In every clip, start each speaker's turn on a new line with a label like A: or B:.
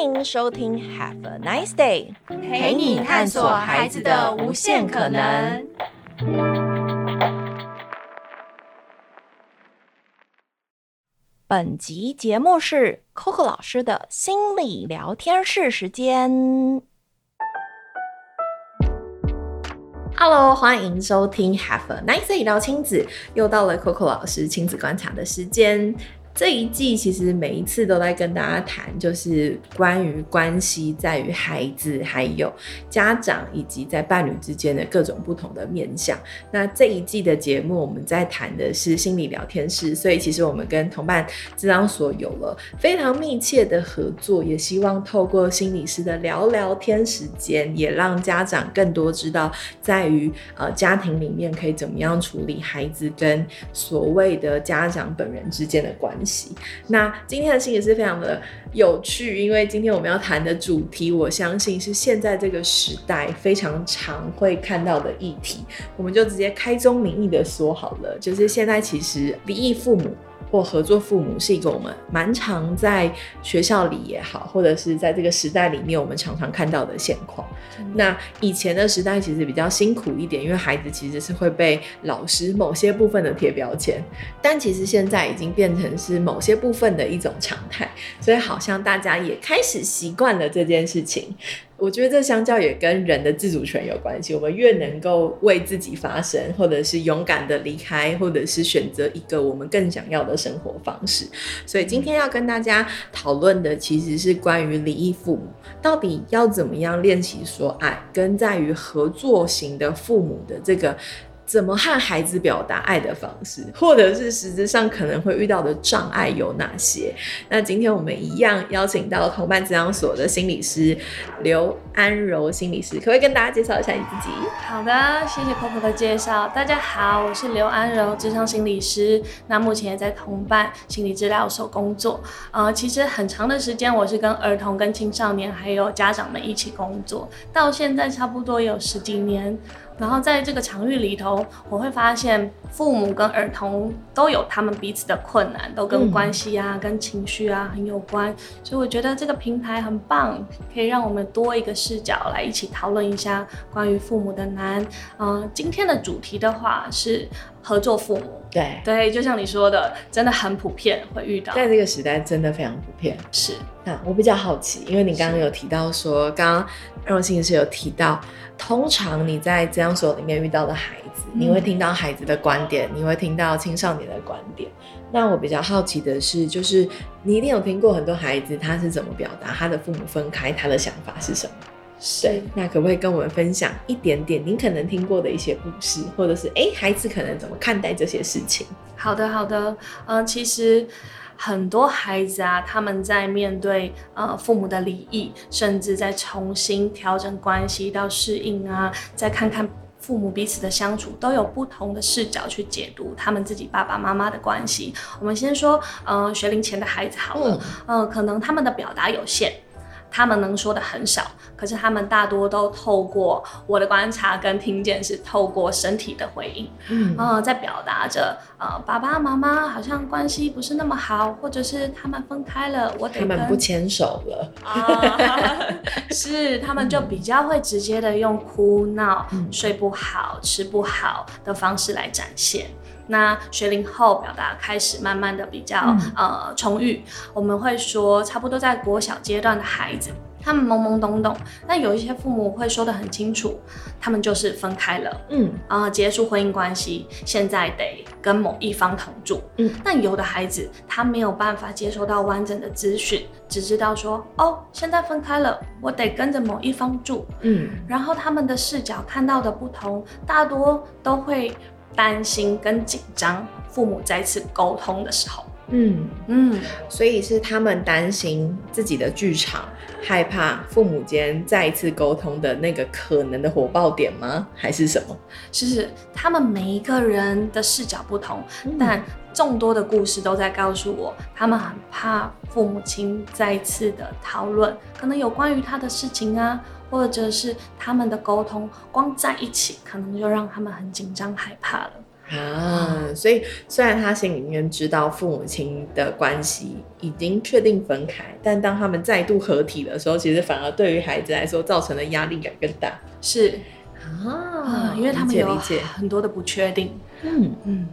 A: 歡迎收聽，Have a nice day，陪你探索孩子的無限可能。本集節目是 Coco 老師的心理聊天室時間。Hello，歡迎收聽 Have a nice day 聊親子，又到了 Coco 老師親子觀察的時間。這一季其實每一次都在跟大家談，就是關於關係在於孩子，還有家長以及在伴侶之間的各種不同的面向。那這一季的節目，我們在談的是心理聊天室，所以其實我們跟童伴治療所有了非常密切的合作，也希望透過心理師的聊聊天時間，也讓家長更多知道在，在於呃家庭裡面可以怎麼樣處理孩子跟所謂的家長本人之間的關係。那今天的新也是非常的有趣，因為今天我們要談的主題，我相信是現在這個時代非常常會看到的議題。我們就直接開宗明義的說好了，就是現在其實離異父母。或合作父母是一個我們蠻常在學校裡也好，或者是在這個時代裡面我們常常看到的現況。嗯。那以前的時代其實比較辛苦一點，因為孩子其實是會被老師某些部分的貼標籤，但其實現在已經變成是某些部分的一種常態，所以好像大家也開始習慣了這件事情。我覺得這相較也跟人的自主權有關係。我們越能夠為自己發聲，或者是勇敢地離開，或者是選擇一個我們更想要的生活方式。所以今天要跟大家討論的，其實是關於離異父母到底要怎麼樣練習說愛，跟在於合作型的父母的這個。怎麼和孩子表達愛的方式，或者是實質上可能會遇到的障礙有哪些？那今天我們一樣邀請到童伴治療所的心理師劉安柔心理師，可不可以跟大家介紹一下你自己？
B: 好的，謝謝婆婆的介紹。大家好，我是劉安柔，諮商心理師。那目前也在童伴心理治療所工作。呃，其實很長的時間，我是跟兒童、跟青少年，還有家長們一起工作，到現在差不多有十幾年。然後在這個場域裡頭，我會發現父母跟兒童都有他們彼此的困難，都跟關係啊、嗯、跟情緒啊很有關。所以我覺得這個平台很棒，可以讓我們多一個視角來一起討論一下關於父母的難。嗯、呃，今天的主題的話是。合作父母，對對，就像你說的，真的很普遍，會遇到。在
A: 這個時代，真的非常普遍。是，那、嗯、我比較好奇，因為你剛剛有提到說，剛剛安柔心理師有提到，通常你在治療所裡面遇到的孩子、嗯，你會聽到孩子的觀點，你會聽到青少年的觀點。嗯、那我比較好奇的是，就是你一定有聽過很多孩子，他是怎麼表達他的父母分開，他的想法是什麼？對，那可不可以跟我們分享一點點您可能聽過的一些故事，或者是誒、欸，孩子
B: 可能怎麼看待
A: 這些事情？
B: 好的，好的，嗯、呃，其實很多孩子啊，他們在面對呃父母的離異，甚至在重新調整關係到適應啊，再看看父母彼此的相處，都有不同的視角去解讀他們自己爸爸媽媽的關係。我們先說，嗯、呃，學齡前的孩子好了，嗯，呃、可能他們的表達有限。他們能說的很少，可是他們大多都透過我的觀察跟聽見，是透過身體的回應，嗯、呃、在表達着、呃，爸爸媽媽好像關係不是那麼好，或者是他們分開了，我得他們不牽手了，呃、 是他們就比較會直接的用哭鬧、嗯、睡不好、吃不好的方式來展現。那學齡後表達開始慢慢的比較、嗯、呃充裕，我們會說差不多在國小階段的孩子，他們懵懵懂懂。那有一些父母會說得很清楚，他們就是分開了，嗯，啊、呃，結束婚姻關係，現在得跟某一方同住，嗯。但有的孩子他沒有辦法接收到完整的資訊，只知道說哦，現在分開了，我得跟着某一方住，嗯。然後他們的視角看到的不同，大多都會。擔心跟緊張，父母再次溝通的時候，嗯嗯，
A: 所以是他們擔心自己的劇場，害怕父母間再一次溝通的那個可能的火爆點嗎？還是什麼？
B: 是、是他們每一個人的視角不同，嗯、但。眾多的故事都在告訴我，他們很怕父母親再次的討論，可能有關於他的事情啊，或者是他們的溝通，光在一起可能就讓他們很緊張害怕了
A: 啊。所以，雖然他心裡面知道父母親的關係已經確定分開，但當他們再度合體的時候，其實反而對於孩子來說造成的壓力感更大。是。
B: 啊，因為他們有理解理解
A: 很多的不確定。嗯嗯，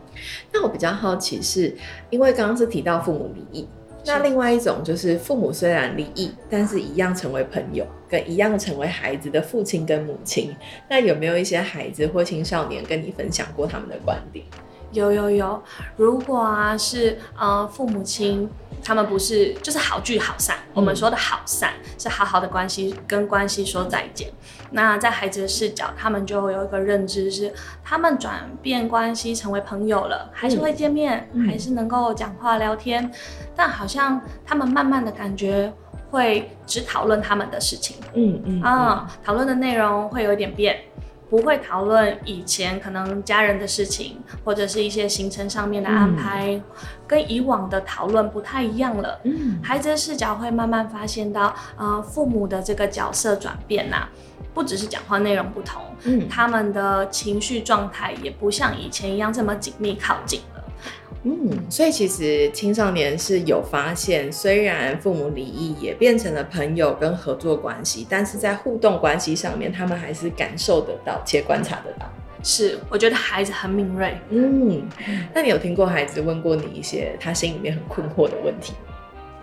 A: 那我比較好奇是，因為剛剛是提到父母離異，那另外一種就是父母雖然離異，但是一樣成為朋友，跟一樣成為孩子的父親跟母親。那有沒有一些孩子或青少年跟你分享過他們的觀點？
B: 有有有，如果啊是啊、呃，父母親。他們不是，就是好聚好散。我們說的好散，嗯、是好好的關係跟關係說再見那在孩子的視角，他們就會有一個認知是，他們轉變關係成為朋友了，還是會見面，嗯、還是能夠講話聊天、嗯，但好像他們慢慢的感覺會只討論他們的事情。嗯嗯啊、嗯，嗯、討論的內容會有一點變。不會討論以前可能家人的事情，或者是一些行程上面的安排，嗯、跟以往的討論不太一樣了。嗯，孩子的視角會慢慢發現到，呃，父母的這個角色轉變吶、啊，不只是講話內容不同、嗯，他們的情緒狀態也不像以前一樣這麼緊密靠近。
A: 嗯，所以其實青少年是有發現，雖然父母離異也變成了朋友跟合作關係，但是在互動關係上面，他們還是感受得到且觀察得到。是，我覺得孩子很敏銳。嗯，那你有聽過孩子問過你一些他心裡面很困惑的問
B: 題？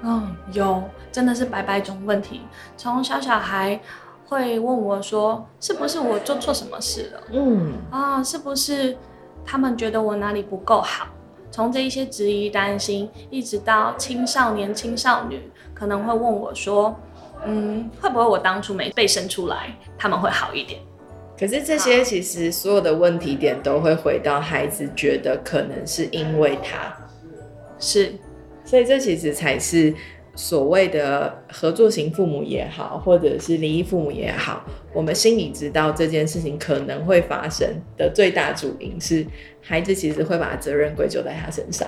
B: 嗯，有，真的是百百種問題。從小小孩會問我說：“是不是我做錯什麼事了？”嗯，啊，是不是他們覺得我哪裡不夠好？從這一些質疑、擔心，一直到青少年、青少女可能會問我說：“嗯，會不會我當初沒被生出來，他們會好一點？”
A: 可是這些其實所有的問題點都會回到孩子覺得可能是因為他、啊、是，所以這其實才是。所謂的合作型父母也好，或者是離異父母也好，我們心裡知道這件事情可能會發生的最大主因是，孩子其實會把責任歸咎在他身上。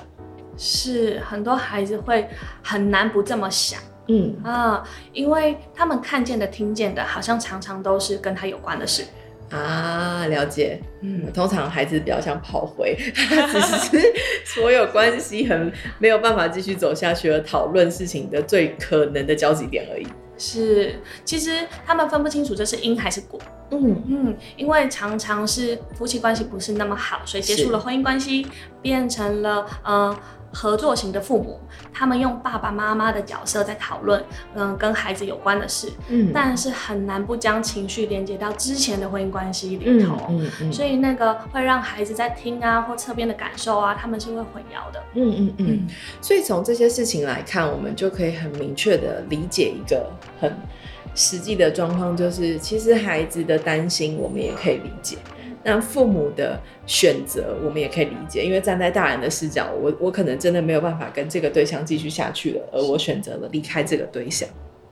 B: 是，很多孩子會很難不這麼想，嗯啊、呃，因為他們看見的、聽見的，好像常常都是跟他有關的事。
A: 啊，了解。嗯，通常孩子比較像炮灰，他只是所有關係很沒有辦法繼續走下去，而討論事情的最可能的交集點而已。
B: 是，其實他們分不清楚這是因還是果。嗯嗯，因為常常是夫妻關係不是那麼好，所以結束了婚姻關係，變成了嗯。呃合作型的父母，他們用爸爸媽媽的角色在討論，嗯、呃，跟孩子有關的事，嗯，但是很難不將情緒連接到之前的婚姻關係裡頭，嗯，嗯，嗯。所以那個會讓孩子在聽啊或側邊的感受啊，他們是會混淆的，嗯嗯
A: 嗯。所以從這些事情來看，我們就可以很明確地理解一個很實際的狀況，就是其實孩子的擔心，我們也可以理解。哦。那父母的選擇，我們也可以理解，因為站在大人的視角，我我可能真的沒有辦法跟這個對象繼續下去了，而我選擇了離開這個對象。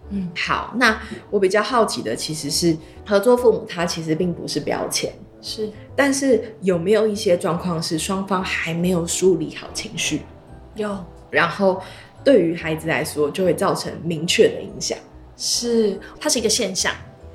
A: 嗯，好，那我比較好奇的其實是，合作父母他其實並不是標籤，是，但是有沒有一些狀況是雙方還沒有梳理好情緒？有，然後對於孩子來說就會造成明確的影響。
B: 是，它是一個現象，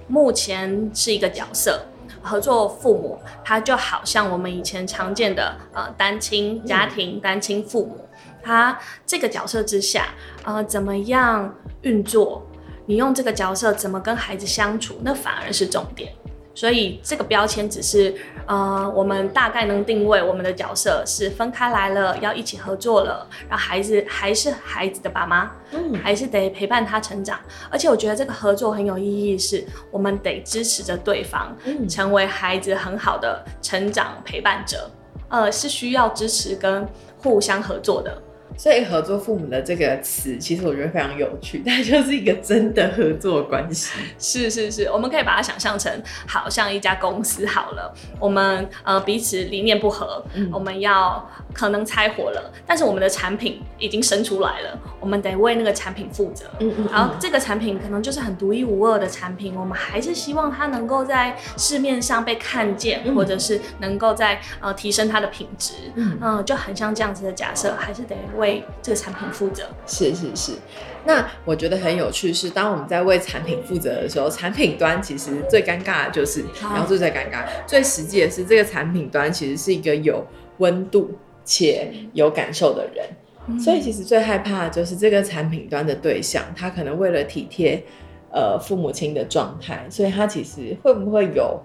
B: 目前是一個角色。合作父母，他就好像我們以前常見的呃單親家庭、嗯、單親父母，他這個角色之下，呃，怎麼樣運作？你用這個角色怎麼跟孩子相處？那反而是重點。所以這個標籤只是，呃，我們大概能定位我們的角色是分開來了，要一起合作了，然後孩子還是孩子的爸媽，嗯，還是得陪伴他成長。而且我覺得這個合作很有意義，是我們得支持着對方，成為孩子很好的成長陪伴者，呃，是需要支持跟互相合作的。
A: 所以“合作父母”的這個詞，其實我覺得非常有趣，但就是一個真的合作的關係。
B: 是是是，我們可以把它想象成，好像一家公司好了，我們呃彼此理念不合，嗯、我們要。可能拆火了，但是我們的產品已經生出來了，我們得為那個產品負責。嗯，嗯嗯。然後這個產品可能就是很獨一無二的產品，我們還是希望它能夠在市面上被看見，或者是能夠在呃提升它的品質。嗯嗯、呃。就很像這樣子的假設，還是得為這個產品負責。是
A: 是是。那我覺得很有趣是，當我們在為產品負責的時候，產品端其實最尷尬的就是，然後最尷尬、最實際的是這個產品端其實是一個有溫度且有感受的人。嗯，所以其實最害怕的就是這個產品端的對象，他可能為了體貼，呃，父母親的狀態，所以他其實會不會有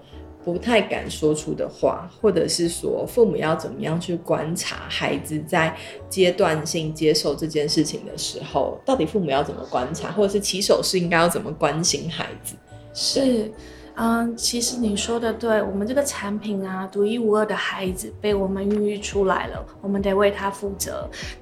A: 不太敢說出的話，或者是說父母要怎麼樣去觀察孩子在階段性接受這件事情的時候，到底父母要怎麼觀察，或者是起手式應該要怎麼關心孩子？
B: 是。是嗯，其實你說的對，我們這個產品啊，獨一無二的孩子被我們孕育出來了，我們得為他負責。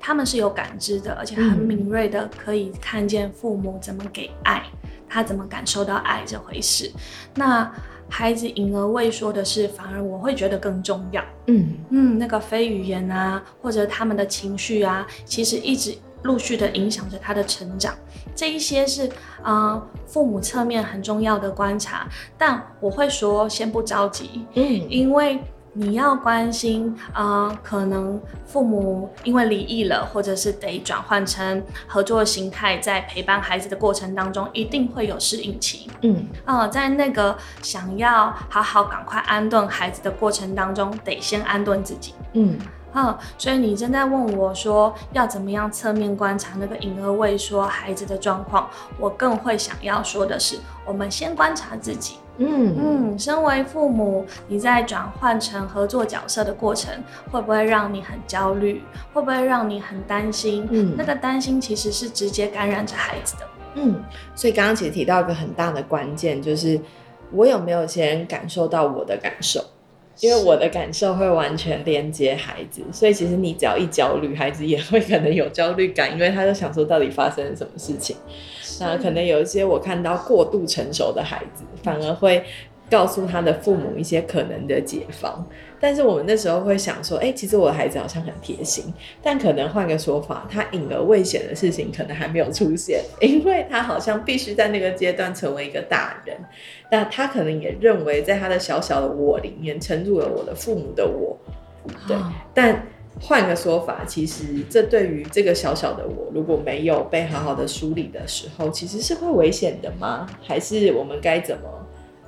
B: 他們是有感知的，而且很敏銳的，可以看見父母怎麼給愛，他怎麼感受到愛這回事。那孩子隱而未說的是，反而我會覺得更重要。嗯嗯，那個非語言啊，或者他們的情緒啊，其實一直。陸續的影響着他的成長，這一些是啊、呃、父母側面很重要的觀察，但我會說先不着急、嗯，因為你要關心啊、呃，可能父母因為離異了，或者是得轉換成合作型態，在陪伴孩子的過程當中，一定會有適應期，嗯，啊、呃，在那個想要好好趕快安頓孩子的過程當中，得先安頓自己，嗯。嗯，所以你正在問我說要怎麼樣側面觀察那個隱而未說孩子的狀況，我更會想要說的是，我們先觀察自己。嗯嗯，身為父母，你在轉換成合作角色的過程，會不會讓你很焦慮？會不會讓你很擔心？嗯，那個擔心其實是直接感染着孩子的。嗯，
A: 所以剛剛其實提到一個很大的關鍵，就是我有沒有先感受到我的感受？因為我的感受會完全連接孩子，所以其實你只要一焦慮，孩子也會可能有焦慮感，因為他就想說到底發生了什麼事情。那、啊、可能有一些我看到過度成熟的孩子，反而會告訴他的父母一些可能的解方。但是我們那時候會想說，哎、欸，其實我的孩子好像很貼心，但可能換個說法，他隱而未顯的事情可能還沒有出現，因為他好像必須在那個階段成為一個大人。那他可能也認為，在他的小小的我裡面，撐住了我的父母的我，哦、對。但換個說法，其實這對於這個小小的我，如果沒有被好好的梳理的時候，其實是會危險的嗎？還是我們該怎麼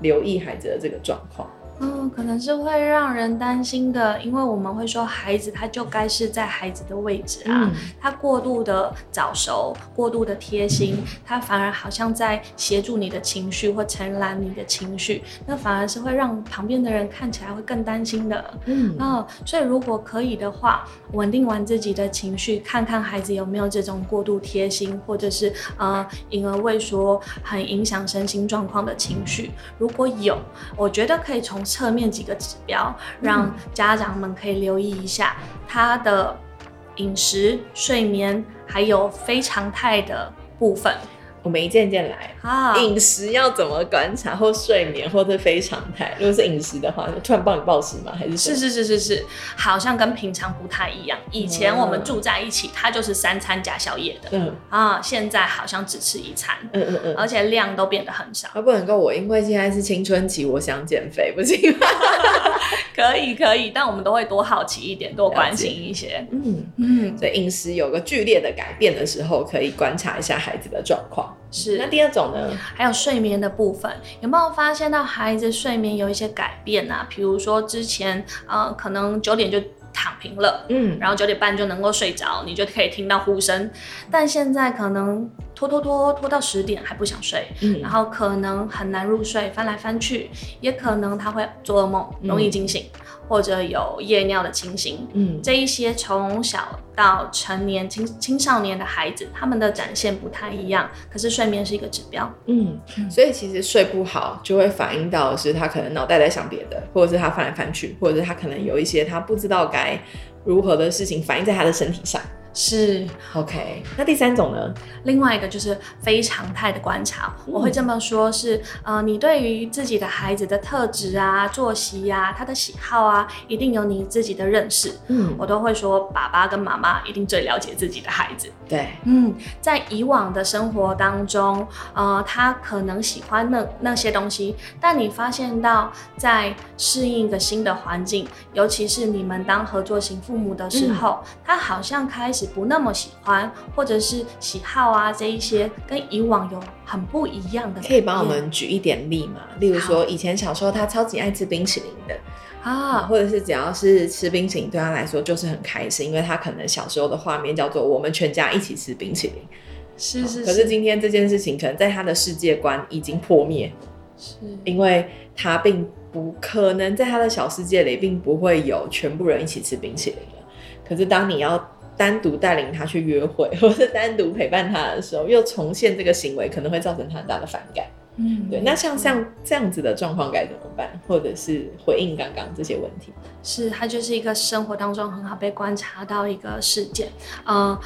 A: 留意孩子的這個狀況？
B: 嗯，可能是會讓人擔心的，因為我們會說孩子他就該是在孩子的位置啊，嗯、他過度的早熟，過度的貼心，他反而好像在協助你的情緒或承攬你的情緒，那反而是會讓旁邊的人看起來會更擔心的。嗯，哦、嗯，所以如果可以的話，穩定完自己的情緒，看看孩子有沒有這種過度貼心或者是呃隱而未說，很影響身心狀況的情緒，如果有，我覺得可以從。側面幾個指標，讓家長們可以留意一下他的飲食、睡眠，還有非常態的部分。我們一件件來啊，飲食，oh，要怎麼觀察？或睡眠，或者非常態。如果是飲食的話，就突然暴飲暴食嗎？還是是是是是是，好像跟平常不太一樣。以前我們住在一起，嗯、它就是三餐加宵夜的，嗯啊，現在好像只吃一餐，嗯嗯嗯，而且量都變得很少。他、啊、不能夠我，因為現在是青春期，我想減肥不行。 可以可以，但我們都會多好
A: 奇一點，多關心一些，嗯嗯。所以飲食有個劇烈的改變的時候，可以觀察一下孩子的狀況。
B: 是，那第二種呢？還有睡眠的部分，有沒有發現到孩子睡眠有一些改變啊？比如說之前，啊、呃，可能九點就躺平了，嗯，然後九點半就能夠睡着，你就可以聽到呼聲，但現在可能。拖拖拖拖到十點還不想睡，嗯，然後可能很難入睡，翻來翻去，也可能他會做噩夢，容易驚醒，嗯，或者有夜尿的情形。嗯，這一些從小到成年青青少年的孩子，他們的展現不太一樣，可是睡眠是一個指標。嗯，
A: 所以其實睡不好就會反映到是他可能腦袋在想別的，或者是他翻來翻去，或者是他可能有一些他不知道該如何的事情反映在他的身體上。是 OK，
B: 那第三種呢？另外一個就是非常態的觀察、嗯，我會這麼說是，是呃，你對於自己的孩子的特質啊、作息呀、啊、他的喜好啊，一定有你自己的認識。嗯，我都會說，爸爸跟媽媽一定最了解自己的孩子。對，嗯，在以往的生活當中，呃，他可能喜歡那那些東西，但你發現到在適應一個新的環境，尤其是你們當合作型父母的時候，嗯，他好像開始。不那麼喜歡，或者是喜好啊這一些跟以往有很不一樣的，可以幫我們
A: 舉一點例嘛？例如說，以前小時候他超級愛吃冰淇淋的啊，或者是只要是吃冰淇淋對他來說就是很開心，因為他可能小時候的畫面叫做我們全家一起吃冰淇淋，是是是。可是今天這件事情可能在他的世界觀已經破滅，是因為他並不可能在他的小世界裡，並不會有全部人一起吃冰淇淋的。可是當你要單獨帶領他去約會，或者單獨陪伴他的時候，又重現這個行為，可能會造成他很大的反感。
B: 嗯，對。那
A: 像像這樣子的狀況該怎麼辦，或者是回應剛剛這些問題？
B: 是，他就是一個生活當中很好被觀察到一個事件，啊、呃。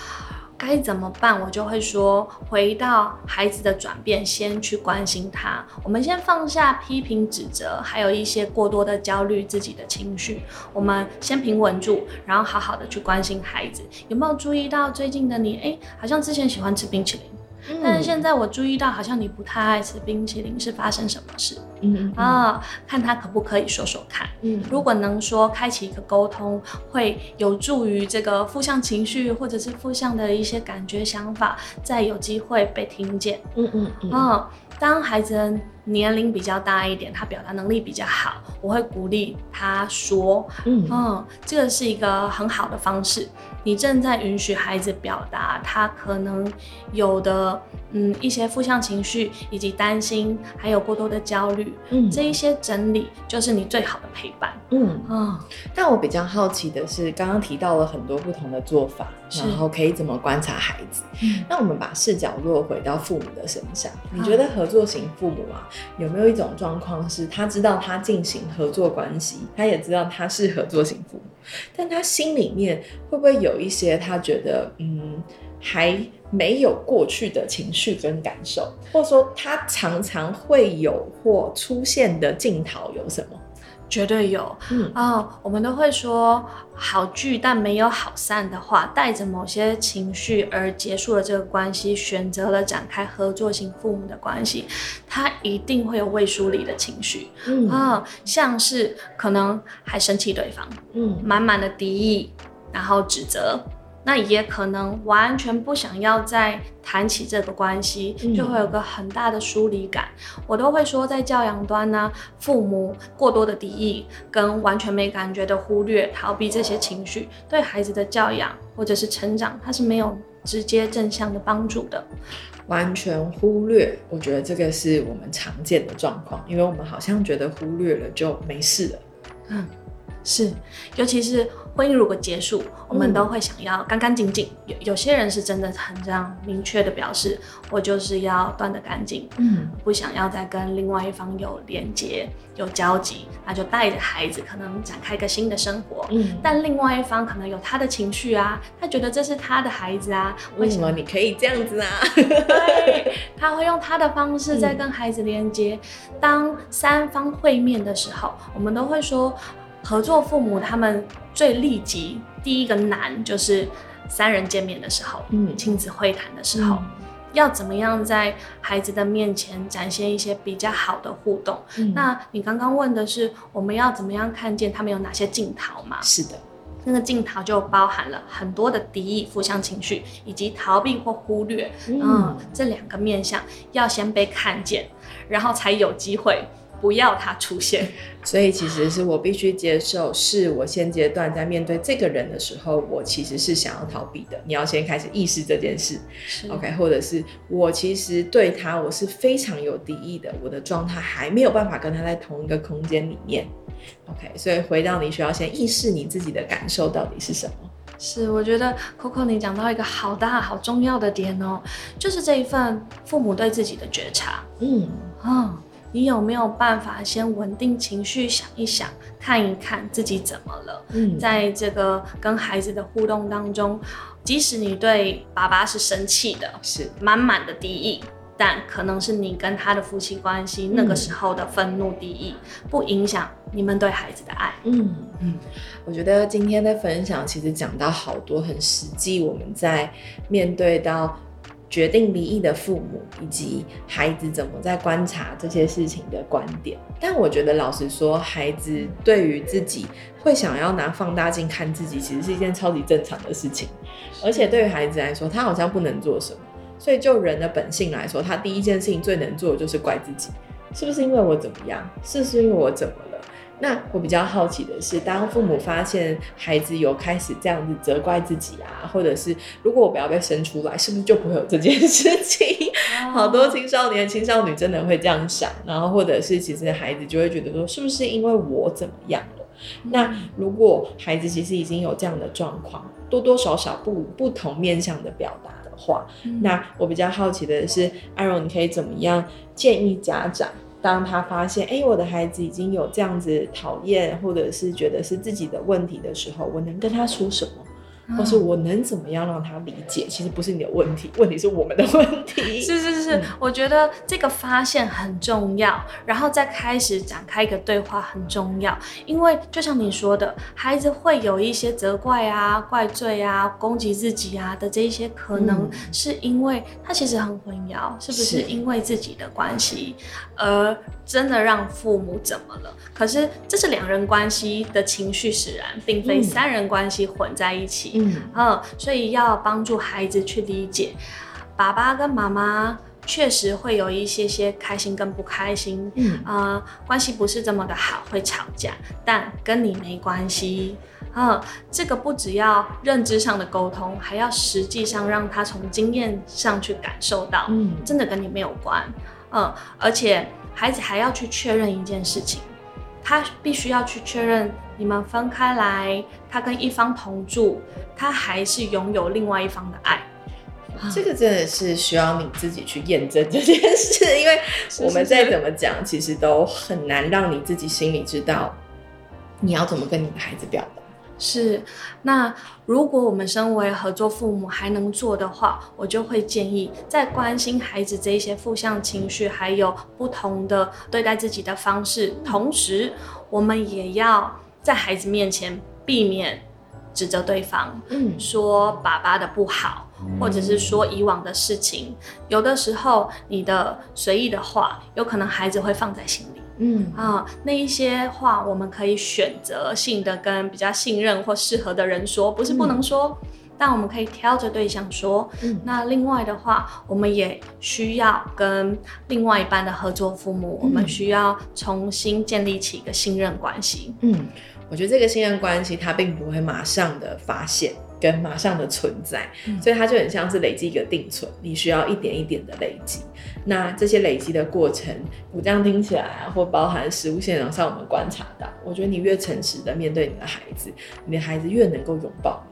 B: 該怎麼辦？我就會說，回到孩子的轉變，先去關心他。我們先放下批評、指責，還有一些過多的焦慮自己的情緒。我們先平穩住，然後好好的去關心孩子。有沒有注意到最近的你？誒，好像之前喜歡吃冰淇淋。但是現在我注意到，好像你不太愛吃冰淇淋，是發生什麼事？嗯啊、嗯哦，看他可不可以說說看。嗯，嗯，如果能說，開啟一個溝通，會有助於這個負向情緒或者是負向的一些感覺、想法，再有機會被聽見。嗯嗯嗯。哦，當孩子。年齡比較大一點，他表達能力比較好，我會鼓勵他說：“嗯，嗯，這個是一個很好的方式。你正在允許孩子表達他可能有的嗯一些負向情緒，以及擔心，還有過多的焦慮。嗯，這一些整理就是你最好的陪伴。嗯啊、
A: 嗯。但我比較好奇的是，剛剛提到了很多不同的做法，然後可以怎麼觀察孩子、嗯？那我們把視角落回到父母的身上，你覺得合作型父母啊？嗯嗯有沒有一種狀況是他知道他進行合作關係，他也知道他是合作型父母，但他心裡面會不會有一些他覺得嗯還沒有過去的情緒跟感受，或者說他常常會有或出現的鏡頭有什麼？
B: 絕對有，嗯、呃、我們都會說好聚但沒有好散的話，帶着某些情緒而結束了這個關係，選擇了展開合作型父母的關係，他一定會有未梳理的情緒，嗯、呃、像是可能還生氣對方，嗯，滿滿的敵意，然後指責。那也可能完全不想要再談起這個關係，就會有個很大的疏離感、嗯。我都會說，在教養端呢、啊，父母過多的敵意跟完全沒感覺的忽略、逃避這些情緒，對孩子的教養或者是成長，它是沒有直接正向的幫助的。
A: 完全忽略，我覺得這個是我們常見的狀況，因為我們好像覺得忽略了就沒事了。
B: 嗯，是，尤其是。婚姻如果結束，我們都會想要乾乾淨淨。有有些人是真的很這樣明確，的表示，我就是要斷得乾淨，嗯，不想要再跟另外一方有連接、有交集，那就帶着孩子可能展開一個新的生活，嗯。但另外一方可能有他的情緒啊，他覺得這是他的孩子啊，為什麼你可以這樣子啊？ 對，他會用他的方式在跟孩子連接，嗯。當三方會面的時候，我們都會說。合作父母他們最立即第一個難就是三人見面的時候，嗯、親子會談的時候、嗯，要怎麼樣在孩子的面前展現一些比較好的互動？嗯、那你剛剛問的是我們要怎麼樣看見他們有哪些鏡頭嘛？是的，那個鏡頭就包含了很多的敵意、負向情緒以及逃避或忽略嗯，嗯，這兩個面向要先被看見，然後才有機會。不要他出現，
A: 所以其實是我必須接受，是我現階段在面對這個人的時候，我其實是想要逃避的。你要先開始意識這件事，OK？或者是我其實對他我是非常有敵意的，我的狀態還沒有辦法跟他在同一個空間裡面，OK？所以回到你需要先意識你自己的感受到底是什麼。
B: 是，我覺得扣扣你講到一個好大好重要的點哦，喔，就是這一份父母對自己的覺察，嗯，啊、嗯。你有沒有辦法先穩定情緒，想一想，看一看自己怎麼了？嗯，在這個跟孩子的互動當中，即使你對爸爸是生氣的，是滿滿的敵意，但可能是你跟他的夫妻關係那個時候的憤怒敵意，嗯，不影響你們對孩子的愛。嗯嗯，我覺得今天的
A: 分享其實講到好多很實際，我們在面對到。決定離異的父母以及孩子怎麼在觀察這些事情的觀點，但我覺得，老實說，孩子對於自己會想要拿放大鏡看自己，其實是一件超級正常的事情。而且對於孩子來說，他好像不能做什麼，所以就人的本性來說，他第一件事情最能做的就是怪自己，是不是因為我怎麼樣？是不是因為我怎麼樣？那我比較好奇的是，當父母發現孩子有開始這樣子責怪自己啊，或者是如果我不要被生出來，是不是就不會有這件事情？啊、好多青少年、青少女真的會這樣想，然後或者是其實孩子就會覺得說，是不是因為我怎麼樣了？嗯、那如果孩子其實已經有這樣的狀況，多多少少不不同面向的表達的話，嗯，那我比較好奇的是，安柔你可以怎麼樣建議家長？當他發現，哎、欸，我的孩子已經有這樣子討厭，或者是覺得是自己的問題的時候，我能跟他說什麼？或是我能怎麼樣讓他理解？其實不是你的問題，問題是我們的
B: 問題。是是是、嗯，我覺得這個發現很重要，然後再開始展開一個對話很重要。因為就像你說的，孩子會有一些責怪啊、怪罪啊、攻擊自己啊的這一些，可能、嗯、是因為他其實很混淆，是不是因為自己的關係而？真的讓父母怎麼了？可是這是兩人關係的情緒使然，並非三人關係混在一起。嗯，呃、所以要幫助孩子去理解，爸爸跟媽媽確實會有一些些開心跟不開心。嗯啊、呃，關係不是這麼的好，會吵架，但跟你沒關係。嗯、呃，這個不只要認知上的溝通，還要實際上讓他從經驗上去感受到，真的跟你沒有關。嗯、呃，而且。孩子還要去確認一件事情，他必須要去確認你們分開來，他跟一方同住，他還是擁有另外一方的愛。
A: 啊、這個真的是需要你自己去驗證這件事，因為我們再怎麼講，是是是其實都很難讓你自己心裡知道你要怎麼跟你的孩子表達。
B: 是，那如果我們身為合作父母還能做的話，我就會建議，在關心孩子這一些負向情緒，還有不同的對待自己的方式，同時我們也要在孩子面前避免指責對方，嗯，說爸爸的不好，嗯，或者是說以往的事情，有的時候你的隨意的話，有可能孩子會放在心裡。嗯啊，那一些話我們可以選擇性的跟比較信任或適合的人說，不是不能說，嗯、但我們可以挑着對象說、嗯。那另外的話，我們也需要跟另外一半的合作父母，我們需要重新建立起一個信任關係。嗯，我覺得這個信任關係它並不會馬
A: 上的發現。跟馬上的存在、嗯，所以它就很像是累積一個定存，你需要一點一點的累積。那這些累積的過程，我這樣聽起來、啊，或包含食物現場上我們觀察到，我覺得你越誠實的面對你的孩子，你的孩子越能夠擁抱。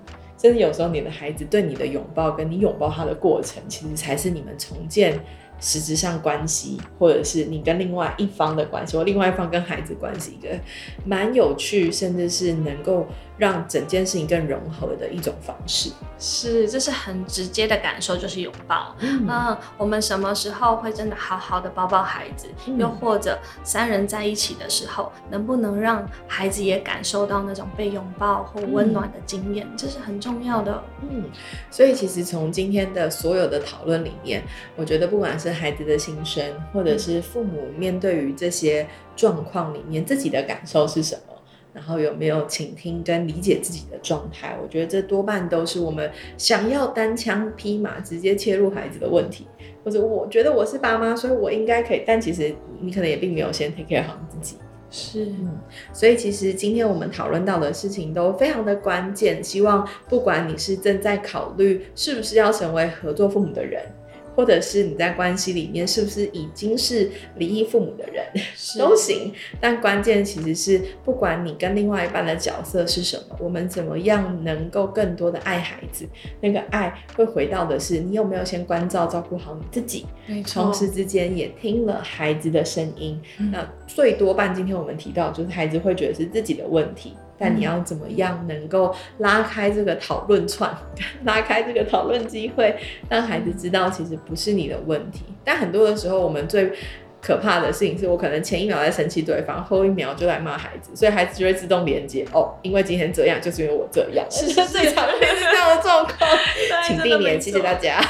A: 甚至有時候，你的孩子對你的擁抱，跟你擁抱他的過程，其實才是你們重建實質上關係，或者是你跟另外一方的關係，或另外一方跟孩子關係，一個蠻有趣，甚至是能夠讓整件事情更融合的一種方式。
B: 是，這是很直接的感受，就是擁抱。嗯。嗯，我們什麼時候會真的好好的抱抱孩子？嗯。又或者三人在一起的時候，能不能讓孩子也感受到那種被擁抱或溫暖的經驗？嗯。這是很重要的。
A: 嗯，所以其實從今天的所有的討論裡面，我覺得不管是孩子的心聲，或者是父母面對於這些狀況裡面自己的感受是什麼，然後有沒有傾聽跟理解自己的狀態？我覺得這多半都是我們想要單槍匹馬直接切入孩子的問題，或者我覺得我是爸媽，所以我應該可以。但其實你可能也並沒有先 take care 好自己。
B: 是，嗯。
A: 所以其實今天我們討論到的事情都非常的關鍵。希望不管你是正在考慮是不是要成為合作父母的人，或者是你在關係裡面是不是已經是離異父母的人都行，但關鍵其實是不管你跟另外一半的角色是什麼，我們怎麼樣能夠更多的愛孩子，那個愛會回到的是你有沒有先關照照顧好你自己，同時之間也聽了孩子的聲音，嗯。那最多半今天我們提到就是孩子會覺得是自己的問題。但你要怎麼樣能夠拉開這個討論串，拉開這個討論機會，讓孩子知道其實不是你的問題。但很多的時候，我們最可怕的事情是，我可能前一秒在生氣對方，後一秒就來罵孩子，所以孩子就會自動連接哦，因為今天這樣，就是因為我這樣。其實最常會是這樣的狀況， 請避免。謝謝大家。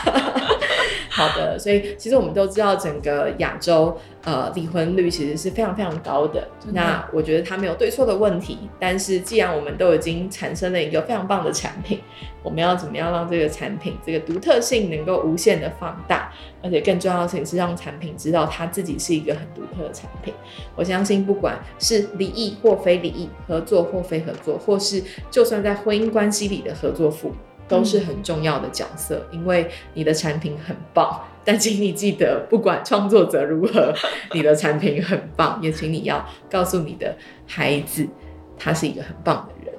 A: 好的，所以其實我們都知道，整個亞洲呃離婚率其實是非常非常高的。的那我覺得它沒有對錯的問題，但是既然我們都已經產生了一個非常棒的產品，我們要怎麼樣讓這個產品這個獨特性能夠無限的放大？而且更重要的是，讓產品知道它自己是一個很獨特的產品。我相信，不管是離異或非離異，合作或非合作，或是就算在婚姻關係裡的合作夫都是很重要的角色，因為你的產品很棒。但請你記得，不管創作者如何，你的產品很棒。也請你要告訴你的孩子，他是一個很棒的人。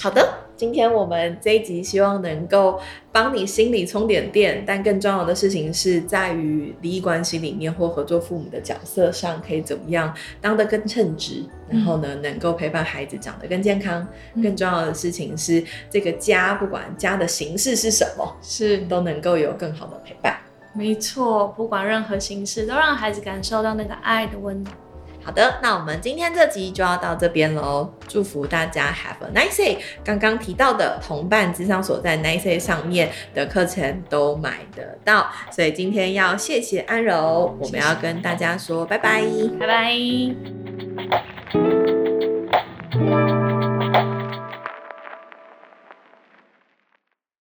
A: 好的。今天我們這一集希望能夠幫你心裡充點電，電，但更重要的事情是在於離異關係裡面或合作父母的角色上，可以怎麼樣當得更稱職，然後呢，能夠陪伴孩子長得更健康。更重要的事情是這個家，不管家的形式是什麼，是都能夠有更好的陪伴。
B: 沒錯，不管任何形式，都讓孩子感受到那個愛的溫。好的，那
A: 我們今天這集就要到這邊嘍。祝福大家 Have a nice day。剛剛提到的同伴諮商所在 Nice Day 上面的課程都買得到，所以今天要謝謝安柔，謝謝，我們要跟大家說拜拜，拜拜。